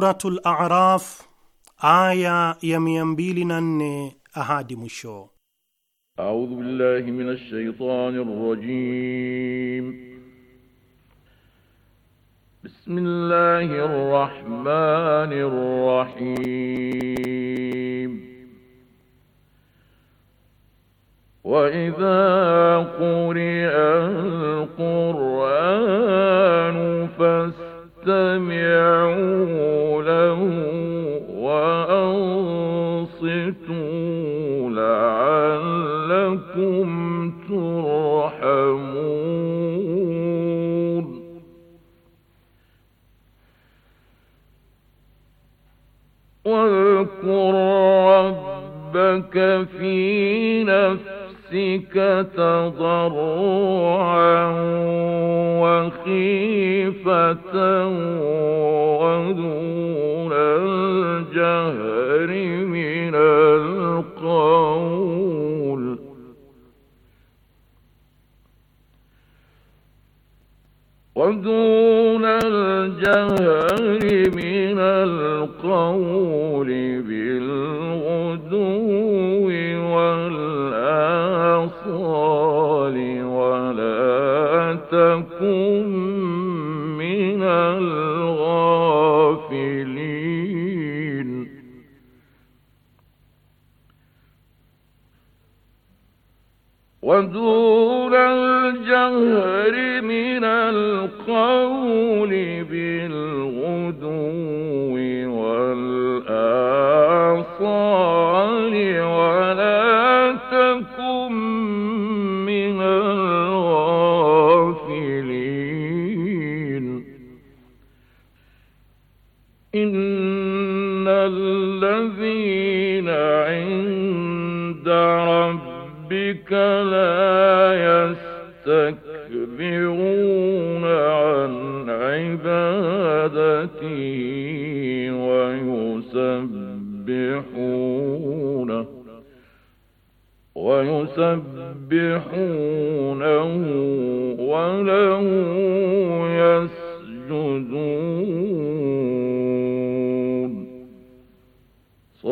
Suratul Araf aya ya mia mbili na nne ahadi mwisho. Audhu billahi minash shaitani rajim. Bismillahir rahmanir rahim ہمت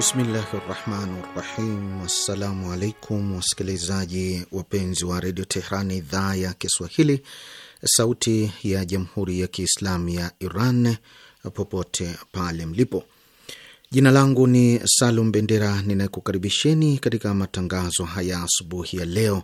Bismillahi rahmani rahim. Assalamu alaikum wasikilizaji wapenzi wa redio Tehrani, idhaa ya Kiswahili, sauti ya jamhuri ya kiislamu ya Iran, popote pale mlipo. Jina langu ni Salum Bendera ninayekukaribisheni katika matangazo haya asubuhi ya leo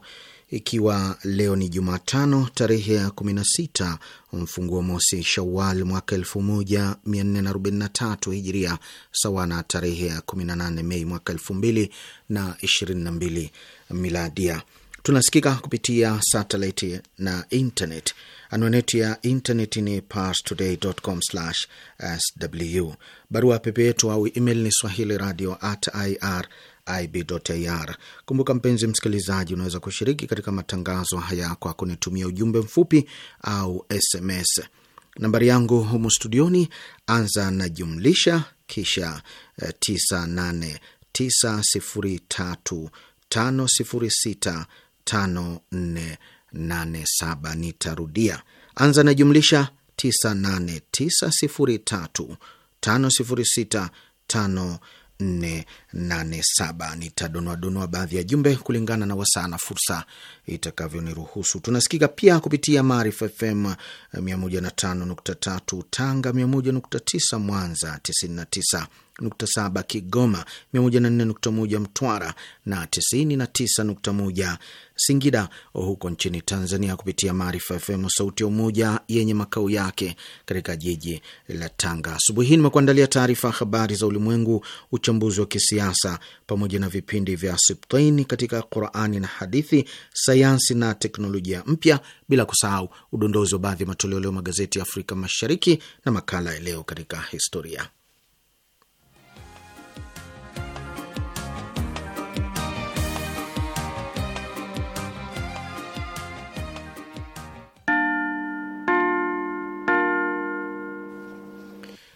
ikiwa leo ni Jumatano tarehe ya 16 mfunguo mosi Shawal mwaka 1443 Hijiria, sawa na tarehe ya 18 Mei mwaka 2022 Miladia. Tunasikika kupitia satelaiti na intenet Anwani yetu ya intaneti ni parstoday.com/sw. Barua pepe yetu au email ni swahili radio at irib.ir. Kumbuka mpenzi msikilizaji, unaweza kushiriki katika matangazo haya kwa kunitumia ujumbe mfupi au SMS. Nambari yangu humu studioni, anza na jumlisha kisha 98903506548 eh, 87 Nitarudia, anza na jumlisha 989035065487. Nitadonoadonoa baadhi ya jumbe kulingana na wasaa na fursa itakavyoniruhusu. Tunasikika pia kupitia Maarifa FM 105.3 Tanga, 101.9 Mwanza, 99 7 Kigoma, 104.1 Mtwara na 99.1 Singida huko nchini Tanzania kupitia Maarifa FM sauti ya Umoja yenye makao yake katika jiji la Tanga. Asubuhi hii nimekuandalia taarifa ya habari za ulimwengu, uchambuzi wa kisiasa, pamoja na vipindi vya siptini katika Qurani na hadithi, sayansi na teknolojia mpya, bila kusahau udondozi wa baadhi ya matoleo leo magazeti ya Afrika Mashariki na makala ya leo katika historia.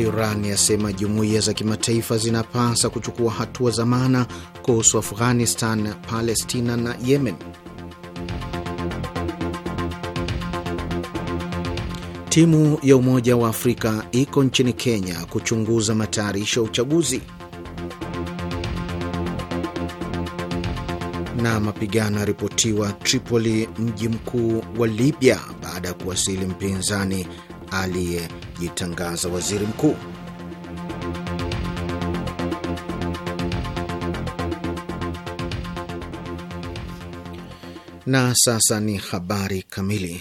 Iran yasema jumuiya za kimataifa zinapasa kuchukua hatua za maana kuhusu Afghanistan, Palestina na Yemen. Timu ya Umoja wa Afrika iko nchini Kenya kuchunguza matayarisho ya uchaguzi. Na mapigano yaripotiwa Tripoli, mji mkuu wa Libya, baada ya kuwasili mpinzani aliyejitangaza waziri mkuu. Na sasa ni habari kamili.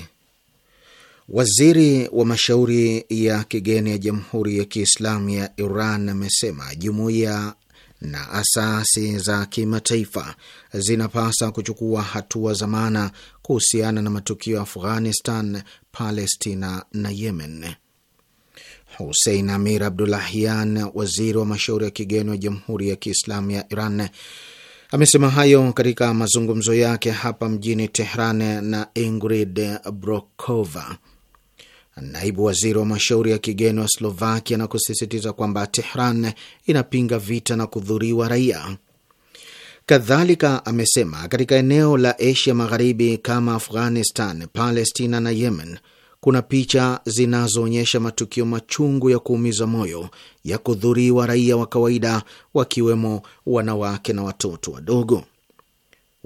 Waziri wa mashauri ya kigeni ya Jamhuri ya Kiislamu ya Iran amesema jumuiya na asasi za kimataifa zinapasa kuchukua hatua za maana kuhusiana na matukio ya Afghanistan, Palestina na Yemen. Husein Amir Abdulahian, waziri wa mashauri ya kigeni wa Jamhuri ya Kiislamu ya Iran, amesema hayo katika mazungumzo yake hapa mjini Tehran na Ingrid Brokova, naibu waziri wa mashauri ya kigeni wa Slovakia na kusisitiza kwamba Tehran inapinga vita na kudhuriwa raia. Kadhalika amesema katika eneo la Asia Magharibi kama Afghanistan, Palestina na Yemen kuna picha zinazoonyesha matukio machungu ya kuumiza moyo ya kudhuriwa raia wa kawaida, wakiwemo wanawake na watoto wadogo.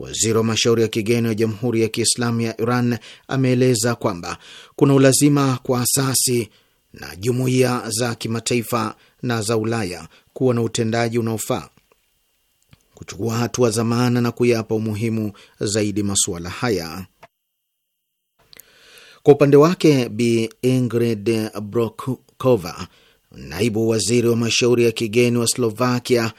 Waziri wa mashauri ya kigeni wa Jamhuri ya Kiislamu ya Iran ameeleza kwamba kuna ulazima kwa asasi na jumuiya za kimataifa na za Ulaya kuwa na utendaji unaofaa kuchukua hatua za maana na kuyapa umuhimu zaidi masuala haya. Kwa upande wake, Bi Ingrid Brokova, naibu waziri wa mashauri ya kigeni wa Slovakia,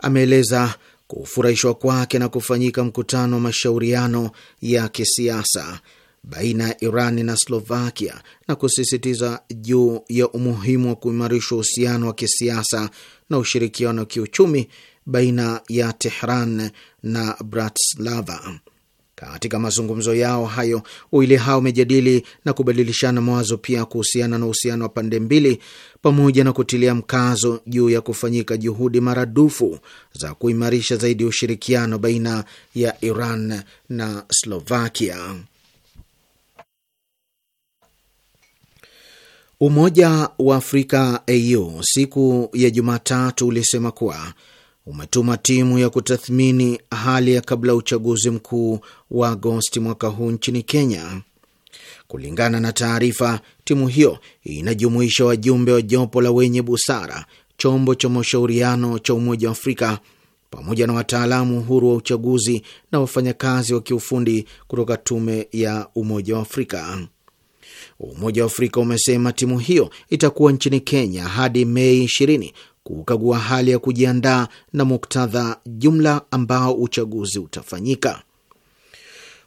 ameeleza kufurahishwa kwake na kufanyika mkutano wa mashauriano ya kisiasa baina ya Iran na Slovakia na kusisitiza juu ya umuhimu wa kuimarisha uhusiano wa kisiasa na ushirikiano wa kiuchumi baina ya Tehran na Bratislava. Katika mazungumzo yao hayo, wawili hao wamejadili na kubadilishana mawazo pia kuhusiana na uhusiano wa pande mbili, pamoja na kutilia mkazo juu ya kufanyika juhudi maradufu za kuimarisha zaidi ushirikiano baina ya Iran na Slovakia. Umoja wa Afrika AU siku ya Jumatatu ulisema kuwa umetuma timu ya kutathmini hali ya kabla ya uchaguzi mkuu wa Agosti mwaka huu nchini Kenya. Kulingana na taarifa, timu hiyo inajumuisha wajumbe wa jopo la wenye busara, chombo cha mashauriano cha Umoja wa Afrika, pamoja na wataalamu huru wa uchaguzi na wafanyakazi wa kiufundi kutoka Tume ya Umoja wa Afrika. Umoja wa Afrika umesema timu hiyo itakuwa nchini Kenya hadi Mei kukagua hali ya kujiandaa na muktadha jumla ambao uchaguzi utafanyika.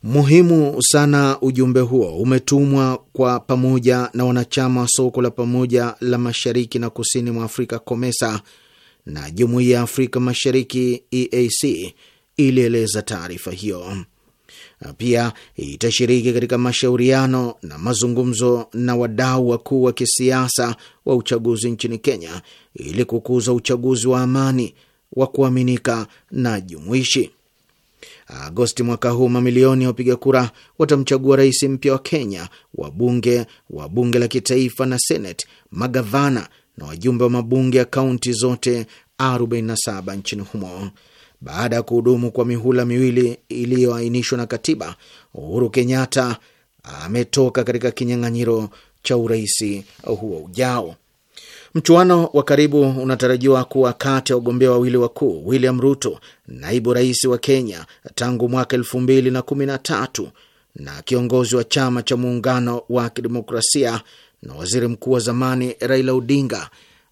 Muhimu sana ujumbe huo umetumwa kwa pamoja na wanachama wa soko la pamoja la mashariki na kusini mwa Afrika COMESA na jumuiya ya Afrika Mashariki EAC, ilieleza taarifa hiyo na pia itashiriki katika mashauriano na mazungumzo na wadau wakuu wa kisiasa wa uchaguzi nchini Kenya ili kukuza uchaguzi wa amani wa kuaminika na jumuishi. Agosti mwaka huu mamilioni ya wapiga kura watamchagua rais mpya wa Kenya, wabunge wa bunge la kitaifa na Senate, magavana na wajumbe wa mabunge ya kaunti zote 47 nchini humo baada ya kuhudumu kwa mihula miwili iliyoainishwa na katiba, Uhuru Kenyatta ametoka katika kinyang'anyiro cha uraisi huo ujao. Mchuano wa karibu unatarajiwa kuwa kati ya wagombea wawili wakuu, William Ruto, naibu rais wa Kenya tangu mwaka elfu mbili na kumi na tatu na kiongozi wa chama cha muungano wa kidemokrasia na waziri mkuu wa zamani Raila Odinga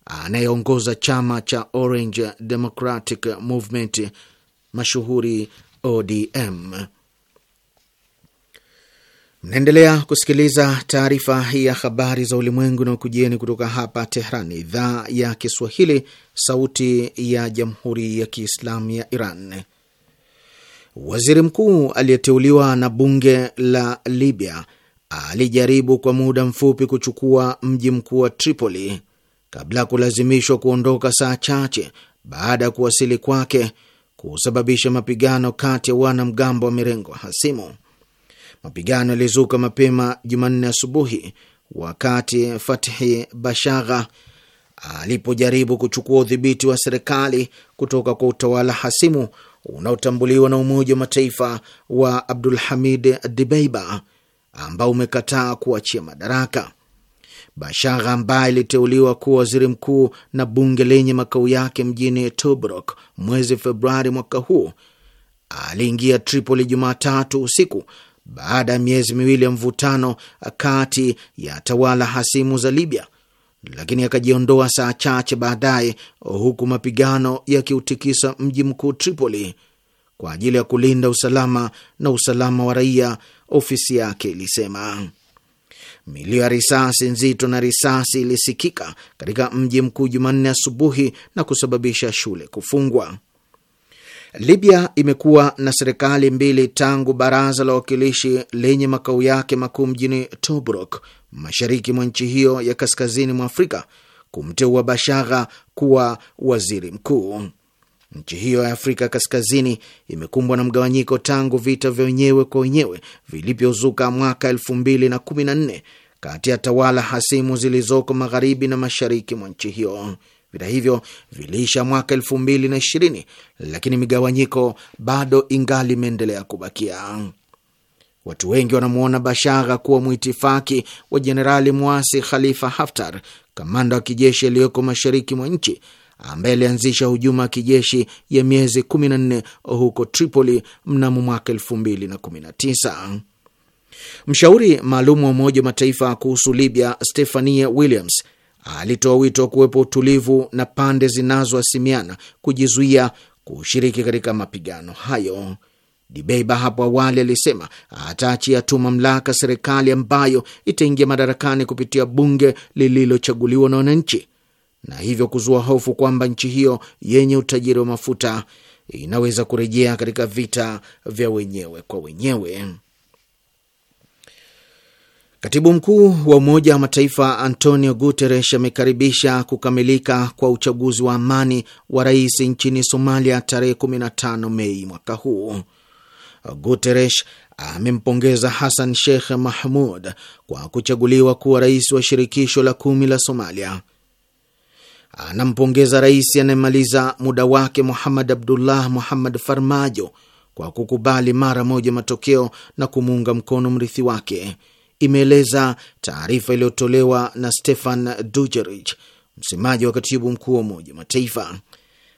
anayeongoza chama cha Orange Democratic Movement mashuhuri ODM. Mnaendelea kusikiliza taarifa hii ya habari za ulimwengu na ukujieni kutoka hapa Tehran, idhaa ya Kiswahili, sauti ya jamhuri ya kiislamu ya Iran. Waziri mkuu aliyeteuliwa na bunge la Libya alijaribu kwa muda mfupi kuchukua mji mkuu wa Tripoli kabla ya kulazimishwa kuondoka saa chache baada ya kuwasili kwake kusababisha mapigano kati ya wanamgambo wa mirengo hasimu. Mapigano yalizuka mapema Jumanne asubuhi wakati Fathi Bashagha alipojaribu kuchukua udhibiti wa serikali kutoka kwa utawala hasimu unaotambuliwa na Umoja wa Mataifa wa Abdul Hamid Dibeiba ambao umekataa kuachia madaraka. Bashagha ambaye aliteuliwa kuwa waziri mkuu na bunge lenye makao yake mjini Tobruk mwezi Februari mwaka huu aliingia Tripoli Jumatatu usiku baada ya miezi miwili ya mvutano kati ya tawala hasimu za Libya, lakini akajiondoa saa chache baadaye, huku mapigano yakiutikisa mji mkuu Tripoli. Kwa ajili ya kulinda usalama na usalama wa raia, ofisi yake ilisema Milio ya risasi nzito na risasi ilisikika katika mji mkuu Jumanne asubuhi na kusababisha shule kufungwa. Libya imekuwa na serikali mbili tangu baraza la wawakilishi lenye makao yake makuu mjini Tobruk, mashariki mwa nchi hiyo ya kaskazini mwa Afrika, kumteua Bashagha kuwa waziri mkuu. Nchi hiyo ya Afrika Kaskazini imekumbwa na mgawanyiko tangu vita vya wenyewe kwa wenyewe vilivyozuka mwaka elfu mbili na kumi na nne kati ya tawala hasimu zilizoko magharibi na mashariki mwa nchi hiyo. Vita hivyo viliisha mwaka elfu mbili na ishirini, lakini migawanyiko bado ingali imeendelea kubakia. Watu wengi wanamwona Bashagha kuwa mwitifaki wa jenerali mwasi Khalifa Haftar, kamanda wa kijeshi aliyoko mashariki mwa nchi ambaye alianzisha hujuma ya kijeshi ya miezi 14 huko Tripoli mnamo mwaka 2019. Mshauri maalum wa Umoja wa Mataifa kuhusu Libya, Stefania Williams, alitoa wito wa kuwepo utulivu na pande zinazoasimiana kujizuia kushiriki katika mapigano hayo. Dibeiba hapo awali alisema ataachia tu mamlaka serikali ambayo itaingia madarakani kupitia bunge lililochaguliwa na wananchi na hivyo kuzua hofu kwamba nchi hiyo yenye utajiri wa mafuta inaweza kurejea katika vita vya wenyewe kwa wenyewe. Katibu mkuu wa Umoja wa Mataifa Antonio Guterres amekaribisha kukamilika kwa uchaguzi wa amani wa rais nchini Somalia tarehe 15 Mei mwaka huu. Guterres amempongeza Hassan Sheikh Mahmud kwa kuchaguliwa kuwa rais wa shirikisho la kumi la Somalia anampongeza rais anayemaliza muda wake muhamad Abdullah Muhammad Farmajo kwa kukubali mara moja matokeo na kumuunga mkono mrithi wake, imeeleza taarifa iliyotolewa na Stefan Dujerich, msemaji wa katibu mkuu wa Umoja wa Mataifa.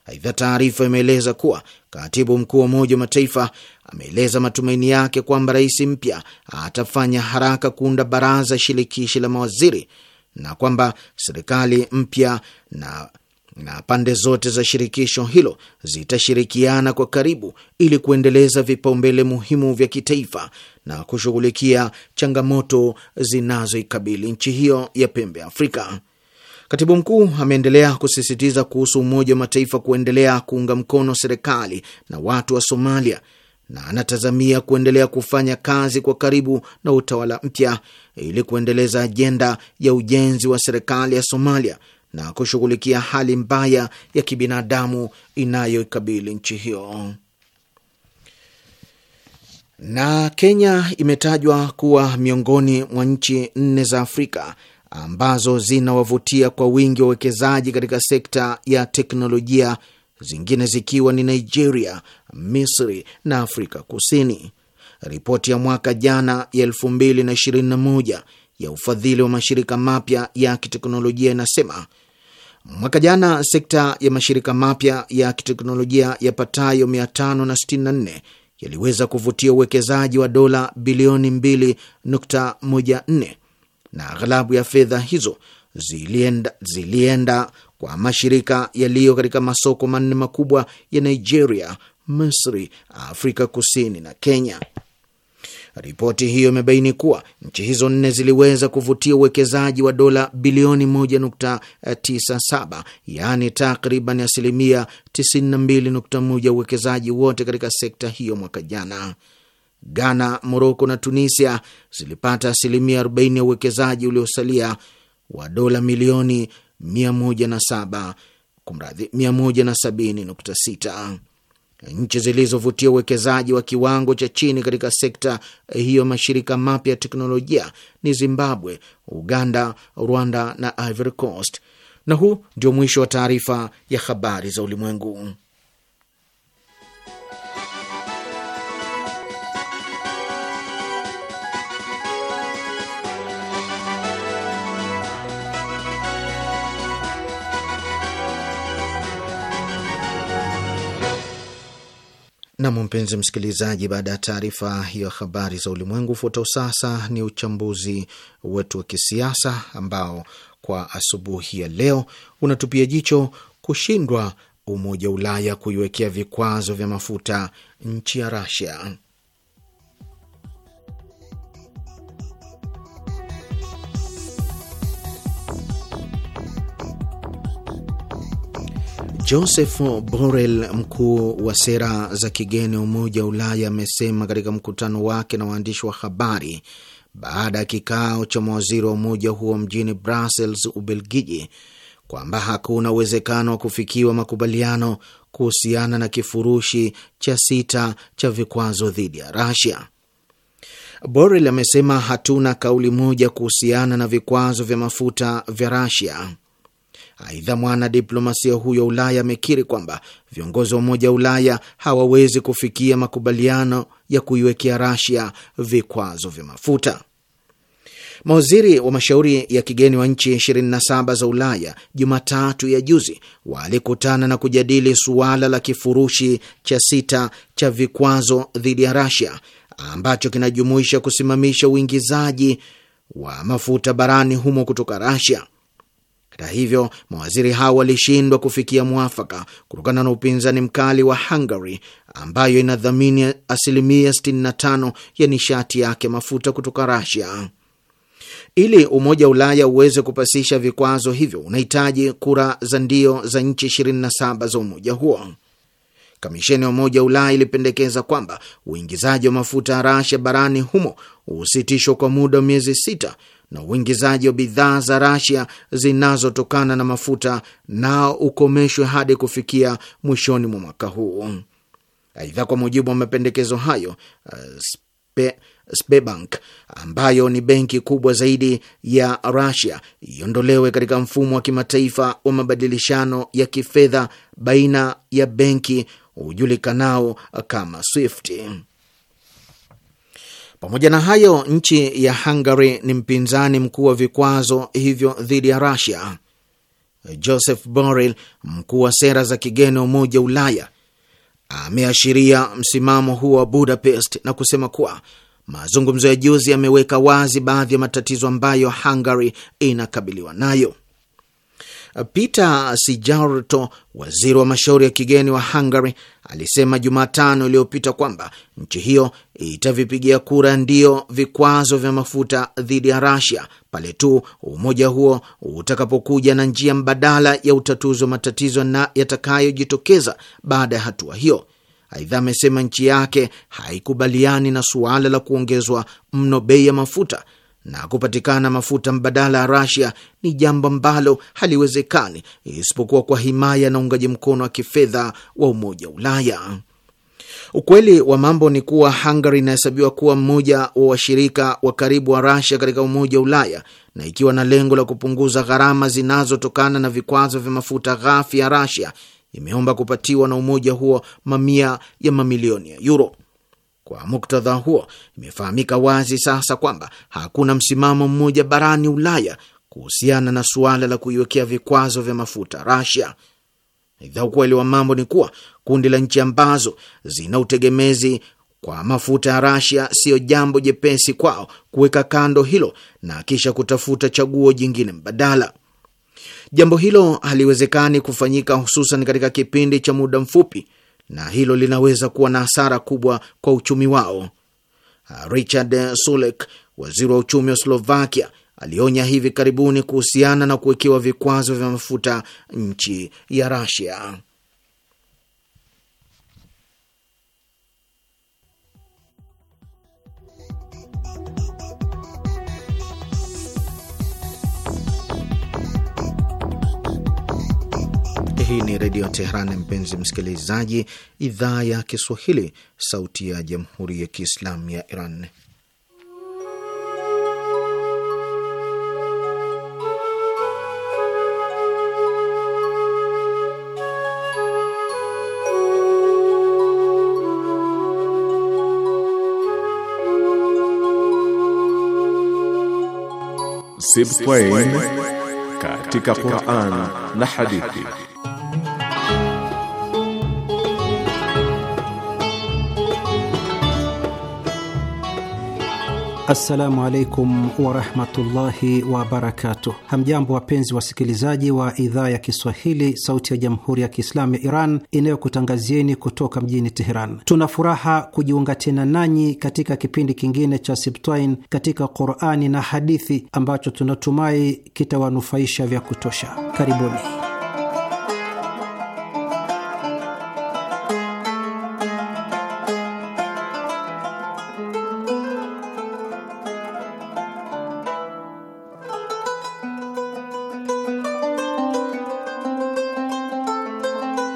Aidha, taarifa imeeleza kuwa katibu mkuu wa Umoja wa Mataifa ameeleza matumaini yake kwamba rais mpya atafanya haraka kuunda baraza shirikishi la mawaziri na kwamba serikali mpya na, na pande zote za shirikisho hilo zitashirikiana kwa karibu ili kuendeleza vipaumbele muhimu vya kitaifa na kushughulikia changamoto zinazoikabili nchi hiyo ya pembe ya Afrika. Katibu mkuu ameendelea kusisitiza kuhusu Umoja wa Mataifa kuendelea kuunga mkono serikali na watu wa Somalia na anatazamia kuendelea kufanya kazi kwa karibu na utawala mpya ili kuendeleza ajenda ya ujenzi wa serikali ya Somalia na kushughulikia hali mbaya ya kibinadamu inayoikabili nchi hiyo. Na Kenya imetajwa kuwa miongoni mwa nchi nne za Afrika ambazo zinawavutia kwa wingi wa wawekezaji katika sekta ya teknolojia, zingine zikiwa ni Nigeria, Misri na Afrika Kusini ripoti ya mwaka jana ya 2021 ya ufadhili wa mashirika mapya ya kiteknolojia inasema mwaka jana sekta ya mashirika mapya ya kiteknolojia yapatayo 564 yaliweza kuvutia uwekezaji wa dola bilioni 2.14 na aghalabu ya fedha hizo zilienda, zilienda kwa mashirika yaliyo katika masoko manne makubwa ya Nigeria, Misri, Afrika Kusini na Kenya. Ripoti hiyo imebaini kuwa nchi hizo nne ziliweza kuvutia uwekezaji wa dola bilioni 1.97 eh, yaani takriban asilimia 92.1 uwekezaji wote katika sekta hiyo mwaka jana. Ghana, Moroko na Tunisia zilipata asilimia 40 ya uwekezaji uliosalia wa dola milioni 107 kumradhi 170.6 nchi zilizovutia uwekezaji wa kiwango cha chini katika sekta hiyo mashirika mapya ya teknolojia ni Zimbabwe, Uganda, Rwanda na Ivory Coast. Na huu ndio mwisho wa taarifa ya habari za ulimwengu. Nam, mpenzi msikilizaji, baada ya taarifa hiyo habari za ulimwengu, ufuatao sasa ni uchambuzi wetu wa kisiasa ambao kwa asubuhi ya leo unatupia jicho kushindwa Umoja wa Ulaya kuiwekea vikwazo vya mafuta nchi ya Rasia. Joseph Borrell, mkuu wa sera za kigeni wa Umoja wa Ulaya, amesema katika mkutano wake na waandishi wa habari baada ya kikao cha mawaziri wa umoja huo mjini Brussels, Ubelgiji, kwamba hakuna uwezekano wa kufikiwa makubaliano kuhusiana na kifurushi cha sita cha vikwazo dhidi ya Rasia. Borrell amesema hatuna kauli moja kuhusiana na vikwazo vya mafuta vya Rasia. Aidha, mwanadiplomasia huyo wa Ulaya amekiri kwamba viongozi wa Umoja wa Ulaya hawawezi kufikia makubaliano ya kuiwekea Rasia vikwazo vya mafuta. Mawaziri wa mashauri ya kigeni wa nchi 27 za Ulaya Jumatatu ya juzi walikutana na kujadili suala la kifurushi cha sita cha vikwazo dhidi ya Rasia ambacho kinajumuisha kusimamisha uingizaji wa mafuta barani humo kutoka Rasia hata hivyo, mawaziri hao walishindwa kufikia mwafaka kutokana na upinzani mkali wa Hungary ambayo inadhamini asilimia 65 ya nishati yake mafuta kutoka Rasia. Ili Umoja wa Ulaya uweze kupasisha vikwazo hivyo unahitaji kura za ndio za nchi 27 za umoja huo. Kamisheni ya Umoja wa Ulaya ilipendekeza kwamba uingizaji wa mafuta ya Rasia barani humo usitishwe kwa muda wa miezi sita na uingizaji wa bidhaa za Rasia zinazotokana na mafuta nao ukomeshwe hadi kufikia mwishoni mwa mwaka huu. Aidha, kwa mujibu wa mapendekezo hayo uh, spe, Sberbank ambayo ni benki kubwa zaidi ya rasia iondolewe katika mfumo wa kimataifa wa mabadilishano ya kifedha baina ya benki hujulikanao kama SWIFT. Pamoja na hayo, nchi ya Hungary ni mpinzani mkuu wa vikwazo hivyo dhidi ya Russia. Joseph Borrell, mkuu wa sera za kigeni wa Umoja wa Ulaya, ameashiria msimamo huo wa Budapest na kusema kuwa mazungumzo ya juzi yameweka wazi baadhi ya matatizo ambayo Hungary inakabiliwa nayo. Peter Sijarto, waziri wa mashauri ya kigeni wa Hungary, alisema Jumatano iliyopita kwamba nchi hiyo itavipigia kura ndio vikwazo vya mafuta dhidi ya Rasia pale tu umoja huo utakapokuja na njia mbadala ya utatuzi wa matatizo na yatakayojitokeza baada ya hatua hiyo. Aidha, amesema nchi yake haikubaliani na suala la kuongezwa mno bei ya mafuta na kupatikana mafuta mbadala ya Rasia ni jambo ambalo haliwezekani isipokuwa kwa himaya na uungaji mkono wa kifedha wa Umoja wa Ulaya. Ukweli wa mambo ni kuwa Hungary inahesabiwa kuwa mmoja wa washirika wa karibu wa Rasia katika Umoja wa Ulaya, na ikiwa na lengo la kupunguza gharama zinazotokana na vikwazo vya mafuta ghafi ya Rasia, imeomba kupatiwa na umoja huo mamia ya mamilioni ya yuro. Kwa muktadha huo, imefahamika wazi sasa kwamba hakuna msimamo mmoja barani Ulaya kuhusiana na suala la kuiwekea vikwazo vya mafuta Rasia. Aidha, ukweli wa mambo ni kuwa kundi la nchi ambazo zina utegemezi kwa mafuta ya Rasia siyo jambo jepesi kwao kuweka kando hilo na kisha kutafuta chaguo jingine mbadala. Jambo hilo haliwezekani kufanyika, hususan katika kipindi cha muda mfupi na hilo linaweza kuwa na hasara kubwa kwa uchumi wao. Ah, Richard Sulek, waziri wa uchumi wa Slovakia, alionya hivi karibuni kuhusiana na kuwekewa vikwazo vya mafuta nchi ya Rasia. Hii ni Redio Teheran, mpenzi msikilizaji, idhaa ya Kiswahili, sauti ya Jamhuri ya Kiislamu ya Iran. Sibtain katika Quran na hadithi Assalamu alaikum warahmatullahi wabarakatuh. Hamjambo wapenzi wasikilizaji wa idhaa ya Kiswahili, sauti ya jamhuri ya kiislamu ya Iran inayokutangazieni kutoka mjini Teheran. Tuna furaha kujiunga tena nanyi katika kipindi kingine cha Sibtain katika Qurani na hadithi ambacho tunatumai kitawanufaisha vya kutosha. Karibuni.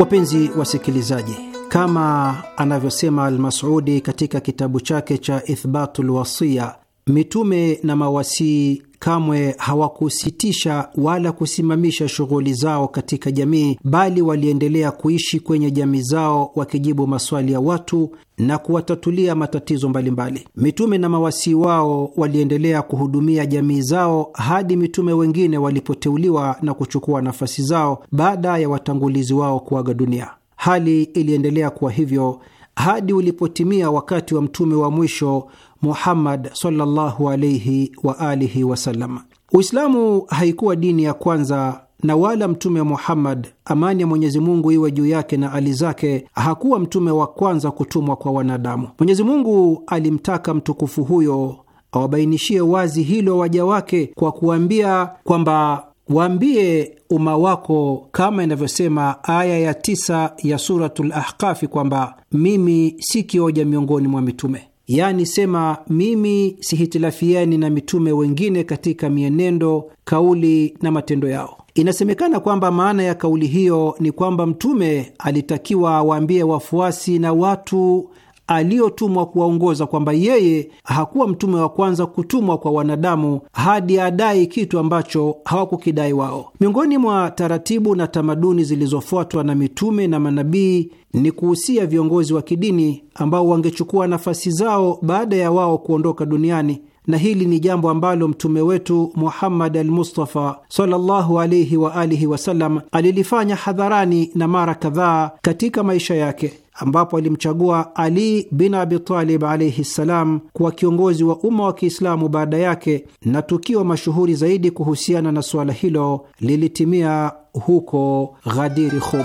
Wapenzi wasikilizaji, kama anavyosema Almasudi katika kitabu chake cha Ithbatul Wasiya, mitume na mawasii kamwe hawakusitisha wala kusimamisha shughuli zao katika jamii, bali waliendelea kuishi kwenye jamii zao wakijibu maswali ya watu na kuwatatulia matatizo mbalimbali. Mitume na mawasii wao waliendelea kuhudumia jamii zao hadi mitume wengine walipoteuliwa na kuchukua nafasi zao baada ya watangulizi wao kuaga dunia. Hali iliendelea kuwa hivyo hadi ulipotimia wakati wa mtume wa mwisho Muhammad sallallahu alaihi wa alihi wasallam. Uislamu haikuwa dini ya kwanza na wala Mtume Muhammad, amani ya Mwenyezi Mungu iwe juu yake na ali zake, hakuwa mtume wa kwanza kutumwa kwa wanadamu. Mwenyezi Mungu alimtaka mtukufu huyo awabainishie wazi hilo waja wake kwa kuambia kwamba Waambie umma wako kama inavyosema aya ya tisa ya Suratul Ahkafi kwamba mimi si kioja miongoni mwa mitume, yaani sema mimi sihitilafiani na mitume wengine katika mienendo, kauli na matendo yao. Inasemekana kwamba maana ya kauli hiyo ni kwamba mtume alitakiwa awaambie wafuasi na watu aliyotumwa kuwaongoza kwamba yeye hakuwa mtume wa kwanza kutumwa kwa wanadamu hadi adai kitu ambacho hawakukidai wao. Miongoni mwa taratibu na tamaduni zilizofuatwa na mitume na manabii ni kuhusia viongozi wa kidini ambao wangechukua nafasi zao baada ya wao kuondoka duniani na hili ni jambo ambalo mtume wetu Muhammad Mustafa sallallahu alaihi wa alihi wasallam alilifanya hadharani na mara kadhaa katika maisha yake ambapo alimchagua Ali bin Abitalib alaihi ssalam kuwa kiongozi wa umma wa Kiislamu baada yake, na tukio mashuhuri zaidi kuhusiana na suala hilo lilitimia huko Ghadiri Khum.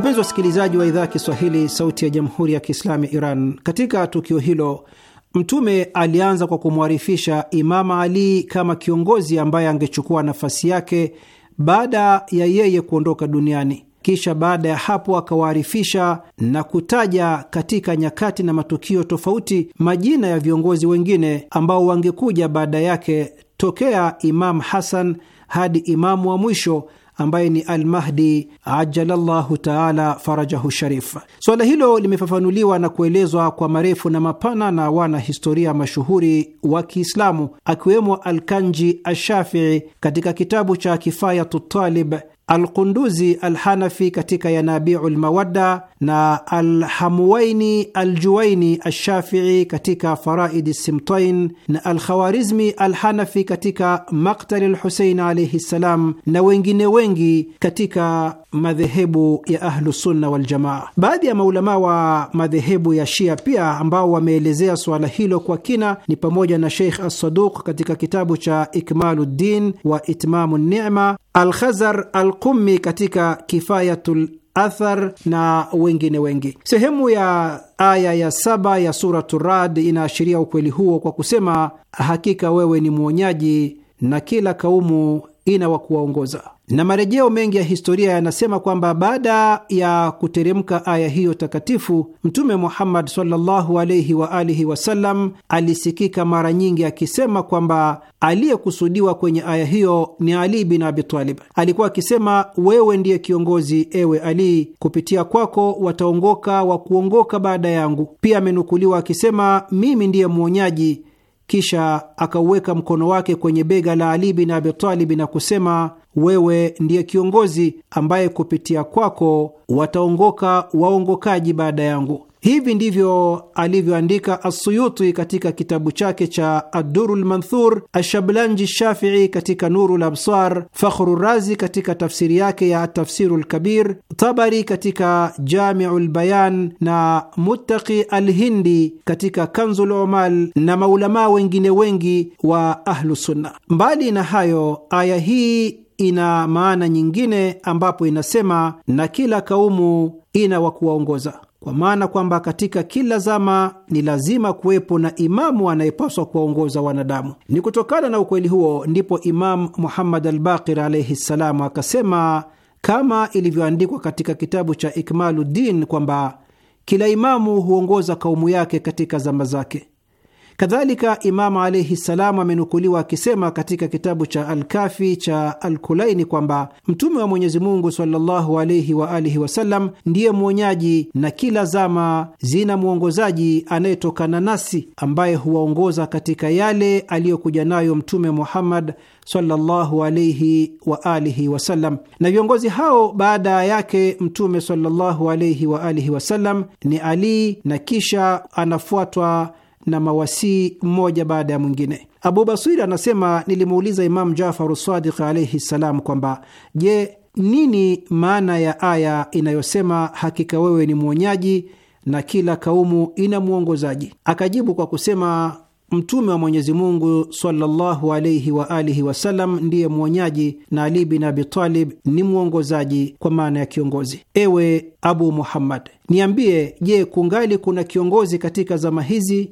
Wapenzi wasikilizaji wa idhaa ya Kiswahili, Sauti ya Jamhuri ya Kiislamu ya Iran, katika tukio hilo Mtume alianza kwa kumwarifisha Imama Ali kama kiongozi ambaye angechukua nafasi yake baada ya yeye kuondoka duniani. Kisha baada ya hapo akawaarifisha na kutaja katika nyakati na matukio tofauti majina ya viongozi wengine ambao wangekuja baada yake tokea imamu Hasan hadi imamu wa mwisho ambaye ni Almahdi ajalallahu taala farajahu sharif. Suala hilo limefafanuliwa na kuelezwa kwa marefu na mapana na wanahistoria mashuhuri wa Kiislamu akiwemo Alkanji Ashafii katika kitabu cha Kifayatu Talib Alqunduzi Alhanafi katika Yanabiu Lmawadda na Alhamuwaini Aljuwaini Alshafii katika Faraidi Simtain na Alkhawarizmi Alhanafi katika Maktali Lhusein alaihi ssalam na wengine wengi katika madhehebu ya Ahlusunna Waljamaa. Baadhi ya maulamaa wa madhehebu ya Shia pia ambao wameelezea suala hilo kwa kina ni pamoja na Sheikh Assaduq katika kitabu cha Ikmaluddin wa Itmamu Nema, Alkhazar Alqummi katika Kifayatul athar na wengine wengi. Sehemu ya aya ya saba ya Suratu Rad inaashiria ukweli huo kwa kusema, hakika wewe ni mwonyaji na kila kaumu ina wa kuwaongoza. Na marejeo mengi ya historia yanasema kwamba baada ya kuteremka aya hiyo takatifu, Mtume Muhammad sallallahu alaihi wa alihi wasallam alisikika mara nyingi akisema kwamba aliyekusudiwa kwenye aya hiyo ni Ali bin Abi Talib. Alikuwa akisema, wewe ndiye kiongozi, ewe Ali, kupitia kwako wataongoka wa kuongoka baada yangu. Pia amenukuliwa akisema, mimi ndiye mwonyaji kisha akauweka mkono wake kwenye bega la Ali bin Abi Talib na kusema, wewe ndiye kiongozi ambaye kupitia kwako wataongoka waongokaji baada yangu. Hivi ndivyo alivyoandika Assuyuti katika kitabu chake cha Adduru lmanthur, Ashablanji Shafii katika Nuru labsar, Fakhru Razi katika tafsiri yake ya Tafsiru lkabir, Tabari katika Jamiu lbayan na Muttaqi Alhindi katika Kanzu lomal na maulamaa wengine wengi wa Ahlusunna. Mbali na hayo, aya hii ina maana nyingine ambapo inasema, na kila kaumu ina wa kuwaongoza kwa maana kwamba katika kila zama ni lazima kuwepo na imamu anayepaswa kuwaongoza wanadamu. Ni kutokana na ukweli huo ndipo Imamu Muhammad Albaqir alaihi ssalam akasema kama ilivyoandikwa katika kitabu cha Ikmaluddin kwamba kila imamu huongoza kaumu yake katika zama zake. Kadhalika, Imamu alaihi ssalam amenukuliwa akisema katika kitabu cha Alkafi cha Alkulaini kwamba Mtume wa Mwenyezi Mungu sallallahu alaihi wa alihi wasallam ndiye mwonyaji na kila zama zina mwongozaji anayetokana nasi, ambaye huwaongoza katika yale aliyokuja nayo Mtume Muhammad sallallahu alaihi wa alihi wasallam. Na viongozi hao baada yake Mtume sallallahu alaihi wa alihi wasallam ni Ali na kisha anafuatwa na mawasii mmoja baada ya mwingine. Abu Basiri anasema nilimuuliza Imamu Jafaru Sadiq alaihi ssalam kwamba je, nini maana ya aya inayosema hakika wewe ni mwonyaji na kila kaumu ina mwongozaji? Akajibu kwa kusema Mtume wa Mwenyezi Mungu sallallahu alaihi wa alihi wasallam ndiye mwonyaji na Ali bin Abi Talib ni mwongozaji kwa maana ya kiongozi. Ewe Abu Muhammad, niambie, je, kungali kuna kiongozi katika zama hizi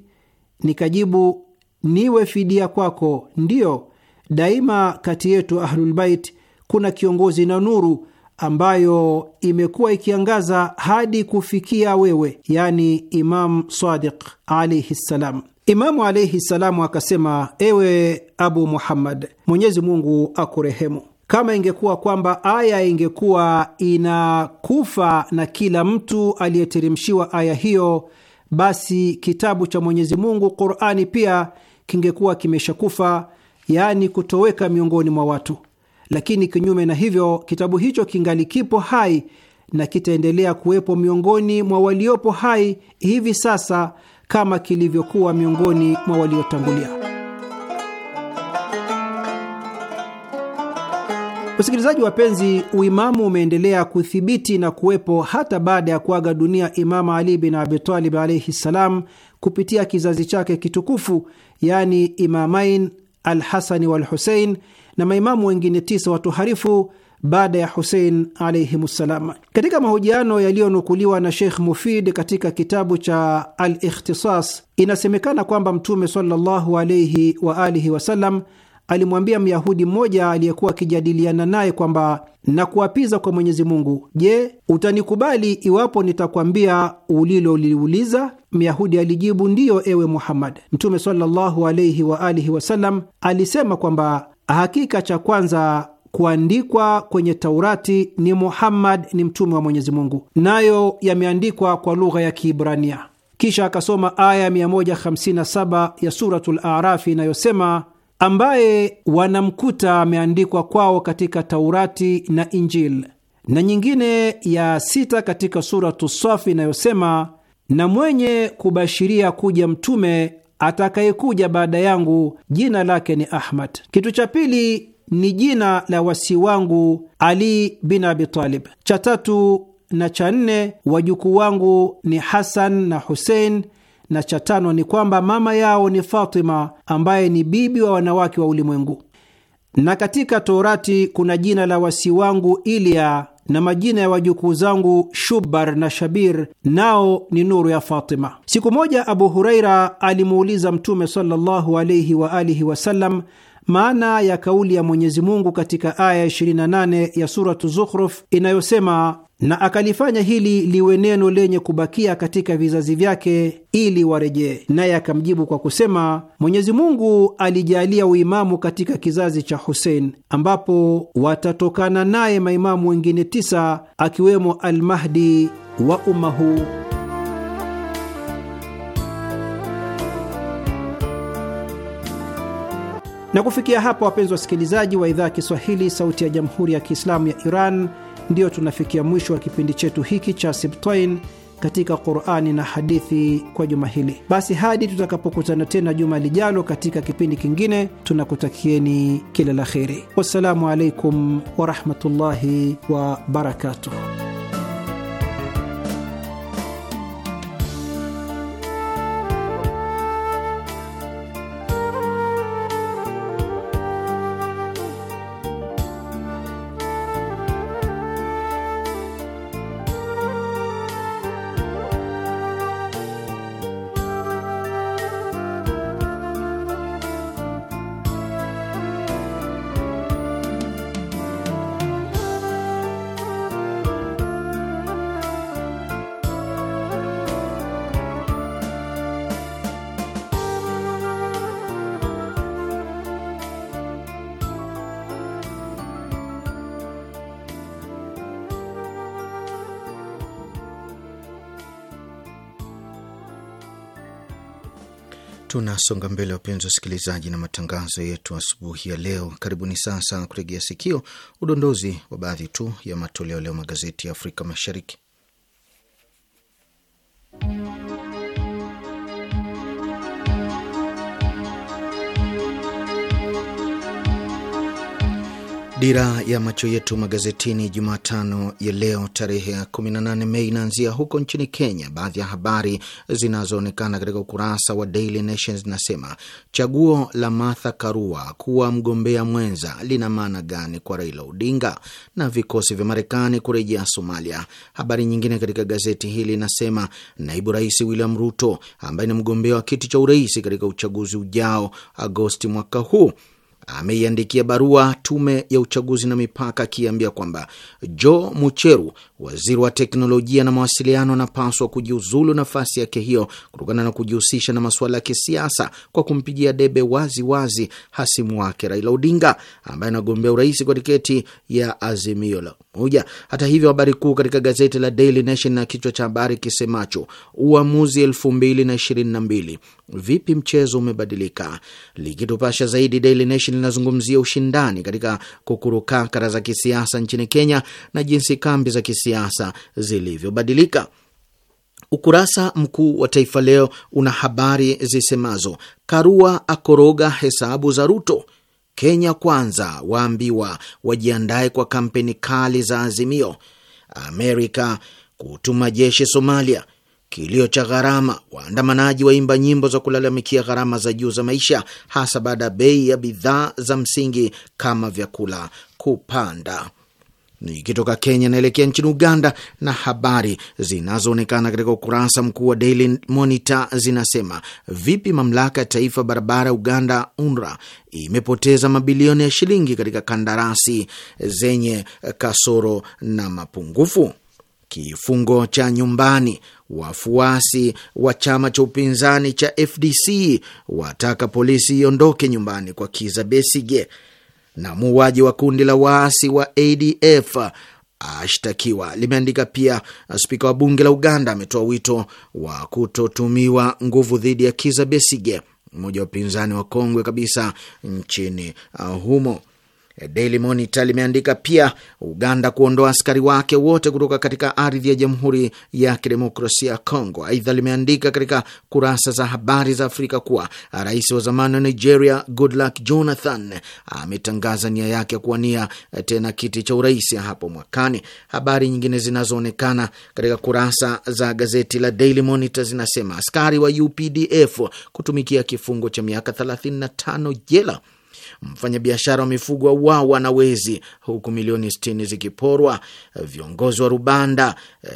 Nikajibu, niwe fidia kwako. Ndiyo, daima kati yetu Ahlulbait kuna kiongozi na nuru ambayo imekuwa ikiangaza hadi kufikia wewe, yani Imam Sadiq alaihi ssalam. Imamu alaihi ssalamu akasema, ewe Abu Muhammad, Mwenyezi Mungu akurehemu. Kama ingekuwa kwamba aya ingekuwa inakufa na kila mtu aliyeteremshiwa aya hiyo basi kitabu cha Mwenyezi Mungu Qur'ani pia kingekuwa kimeshakufa, yaani kutoweka miongoni mwa watu. Lakini kinyume na hivyo, kitabu hicho kingali kipo hai na kitaendelea kuwepo miongoni mwa waliopo hai hivi sasa kama kilivyokuwa miongoni mwa waliotangulia. wa wapenzi, uimamu umeendelea kuthibiti na kuwepo hata baada ya kuaga dunia Imamu Ali bin Abitalib alaihi ssalam, kupitia kizazi chake kitukufu, yaani Imamain Alhasani Walhusein na maimamu wengine tisa watuharifu baada ya Husein alaihim ssalam. Katika mahojiano yaliyonukuliwa na Sheikh Mufid katika kitabu cha Al Ikhtisas, inasemekana kwamba Mtume sallallahu alaihi waalihi wasallam alimwambia Myahudi mmoja aliyekuwa akijadiliana naye kwamba na kwa Mwenyezi Mungu, je, utanikubali iwapo nitakwambia uliloliuliza? Myahudi alijibu, ndiyo, ewe Muhammad. Mtume sallallahu alayhi wa alihi wasallam alisema kwamba hakika cha kwanza kuandikwa kwenye Taurati ni Muhammad ni mtume wa Mwenyezi Mungu, nayo yameandikwa kwa lugha ya Kiibrania. Kisha akasoma aya 157 ya Suratul Arafi inayosema ambaye wanamkuta ameandikwa kwao katika Taurati na Injili, na nyingine ya sita katika Suratu Safi inayosema, na mwenye kubashiria kuja mtume atakayekuja baada yangu, jina lake ni Ahmad. Kitu cha pili ni jina la wasii wangu Ali bin Abi Talib. Cha tatu na cha nne wajukuu wangu ni Hasan na Husein na cha tano ni kwamba mama yao ni Fatima ambaye ni bibi wa wanawake wa ulimwengu. Na katika Torati kuna jina la wasi wangu Ilya na majina ya wajukuu zangu Shubar na Shabir, nao ni nuru ya Fatima. Siku moja Abu Huraira alimuuliza Mtume sallallahu alaihi wa alihi wasallam maana ya kauli ya Mwenyezi Mungu katika aya 28 ya suratu Zukhruf inayosema na akalifanya hili liwe neno lenye kubakia katika vizazi vyake ili warejee. Naye akamjibu kwa kusema, Mwenyezi Mungu alijalia uimamu katika kizazi cha Husein, ambapo watatokana naye maimamu wengine tisa akiwemo Almahdi wa umma huu. Na kufikia hapa, wapenzi wasikilizaji wa idhaa ya Kiswahili, Sauti ya Jamhuri ya Kiislamu ya Iran Ndiyo tunafikia mwisho wa kipindi chetu hiki cha Sibtain katika Qurani na hadithi kwa juma hili. Basi hadi tutakapokutana tena juma lijalo katika kipindi kingine, tunakutakieni kila la kheri. Wassalamu alaikum warahmatullahi wabarakatuh. Tunasonga mbele wapenzi wasikilizaji, na matangazo yetu asubuhi ya leo. Karibuni sasa kuregea sikio udondozi wa baadhi tu ya matoleo leo magazeti ya Afrika Mashariki. Dira ya macho yetu magazetini Jumatano ya leo tarehe ya 18 Mei inaanzia huko nchini Kenya. Baadhi ya habari zinazoonekana katika ukurasa wa Daily Nation zinasema chaguo la Martha Karua kuwa mgombea mwenza lina maana gani kwa Raila Odinga, na vikosi vya Marekani kurejea Somalia. Habari nyingine katika gazeti hili inasema naibu rais William Ruto ambaye ni mgombea wa kiti cha urais katika uchaguzi ujao Agosti mwaka huu ameiandikia barua tume ya uchaguzi na mipaka akiambia kwamba Joe Mucheru, waziri wa teknolojia na mawasiliano, anapaswa kujiuzulu nafasi yake hiyo kutokana na kujihusisha na masuala ya kisiasa kwa kumpigia debe wazi wazi hasimu wake Raila Odinga ambaye anagombea urais kwa tiketi ya Azimio la Umoja. Hata hivyo, habari kuu katika gazeti la Daily Nation na kichwa cha habari kisemacho uamuzi 2022 vipi mchezo umebadilika, likitupasha zaidi Daily Nation linazungumzia ushindani katika kukurukakara za kisiasa nchini Kenya na jinsi kambi za kisiasa zilivyobadilika. Ukurasa mkuu wa Taifa Leo una habari zisemazo Karua akoroga hesabu za Ruto. Kenya Kwanza waambiwa wajiandae kwa kampeni kali za Azimio. Amerika kutuma jeshi Somalia. Kilio cha gharama, waandamanaji waimba nyimbo za kulalamikia gharama za juu za maisha, hasa baada ya bei ya bidhaa za msingi kama vyakula kupanda. Nikitoka Kenya naelekea nchini Uganda, na habari zinazoonekana katika ukurasa mkuu wa Daily Monitor zinasema vipi mamlaka ya taifa barabara Uganda UNRA imepoteza mabilioni ya shilingi katika kandarasi zenye kasoro na mapungufu. Kifungo cha nyumbani, Wafuasi wa chama cha upinzani cha FDC wataka polisi iondoke nyumbani kwa Kiza Besige, na muuaji wa kundi la waasi wa ADF ashtakiwa, limeandika pia. Spika wa bunge la Uganda ametoa wito wa kutotumiwa nguvu dhidi ya Kiza Besige, mmoja wa upinzani wa kongwe kabisa nchini uh, humo. Daily Monitor limeandika pia Uganda kuondoa askari wake wote kutoka katika ardhi ya Jamhuri ya Kidemokrasia ya Kongo. Aidha limeandika katika kurasa za habari za Afrika kuwa rais wa zamani wa Nigeria Goodluck Jonathan ametangaza nia yake ya kuwania eh, tena kiti cha urais hapo mwakani. Habari nyingine zinazoonekana katika kurasa za gazeti la Daily Monitor zinasema askari wa UPDF kutumikia kifungo cha miaka 35 jela Mfanyabiashara wa mifugo auawa na wezi, huku milioni sitini zikiporwa. Viongozi wa Rubanda e,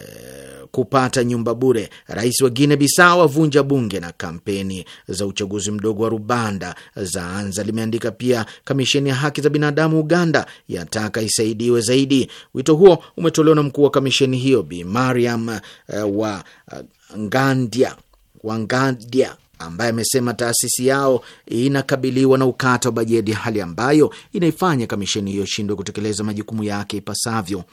kupata nyumba bure. Rais wa Guinea Bissau avunja bunge, na kampeni za uchaguzi mdogo wa Rubanda zaanza, limeandika pia. Kamisheni ya haki za binadamu Uganda yataka isaidiwe zaidi. Wito huo umetolewa na mkuu wa kamisheni hiyo Bi Mariam e, wa eh, Ngandia, wa Ngandia ambaye amesema taasisi yao inakabiliwa na ukata wa bajeti, hali ambayo inaifanya kamisheni hiyo shindwe kutekeleza majukumu yake ipasavyo.